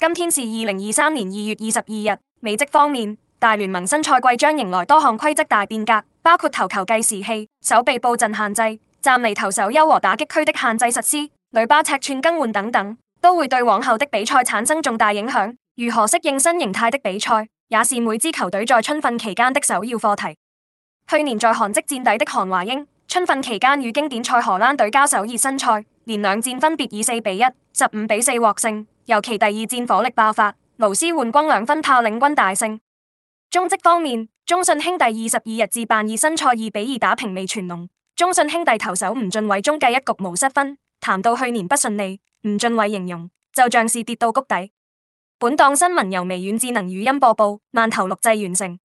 今天是二零二三年二月二十二日。美職方面，大聯盟新賽季將迎來多項規則大變革，包括投球計時器、守備佈陣限制、暫離投手丘和打擊區的限制實施、壘包尺寸更換等等，都會對往後的比賽產生重大影響。如何適應新型態的比賽，也是每支球隊在春訓期間的首要課題。去年在韓職墊底的韓華英，春訓期間與經典賽荷蘭隊交手熱身賽，連兩戰分別以四比一、十五比四獲勝。尤其第二戰火力爆發，羅斯換光兩分炮領軍大勝。中職方面，中信兄弟二十二日自辦二新賽二比二打平未全龍。中信兄弟投手吳俊偉中繼一局無失分。談到去年不順利，吳俊偉形容就像是跌到谷底。本檔新聞由微軟智能語音播報，慢投錄製完成。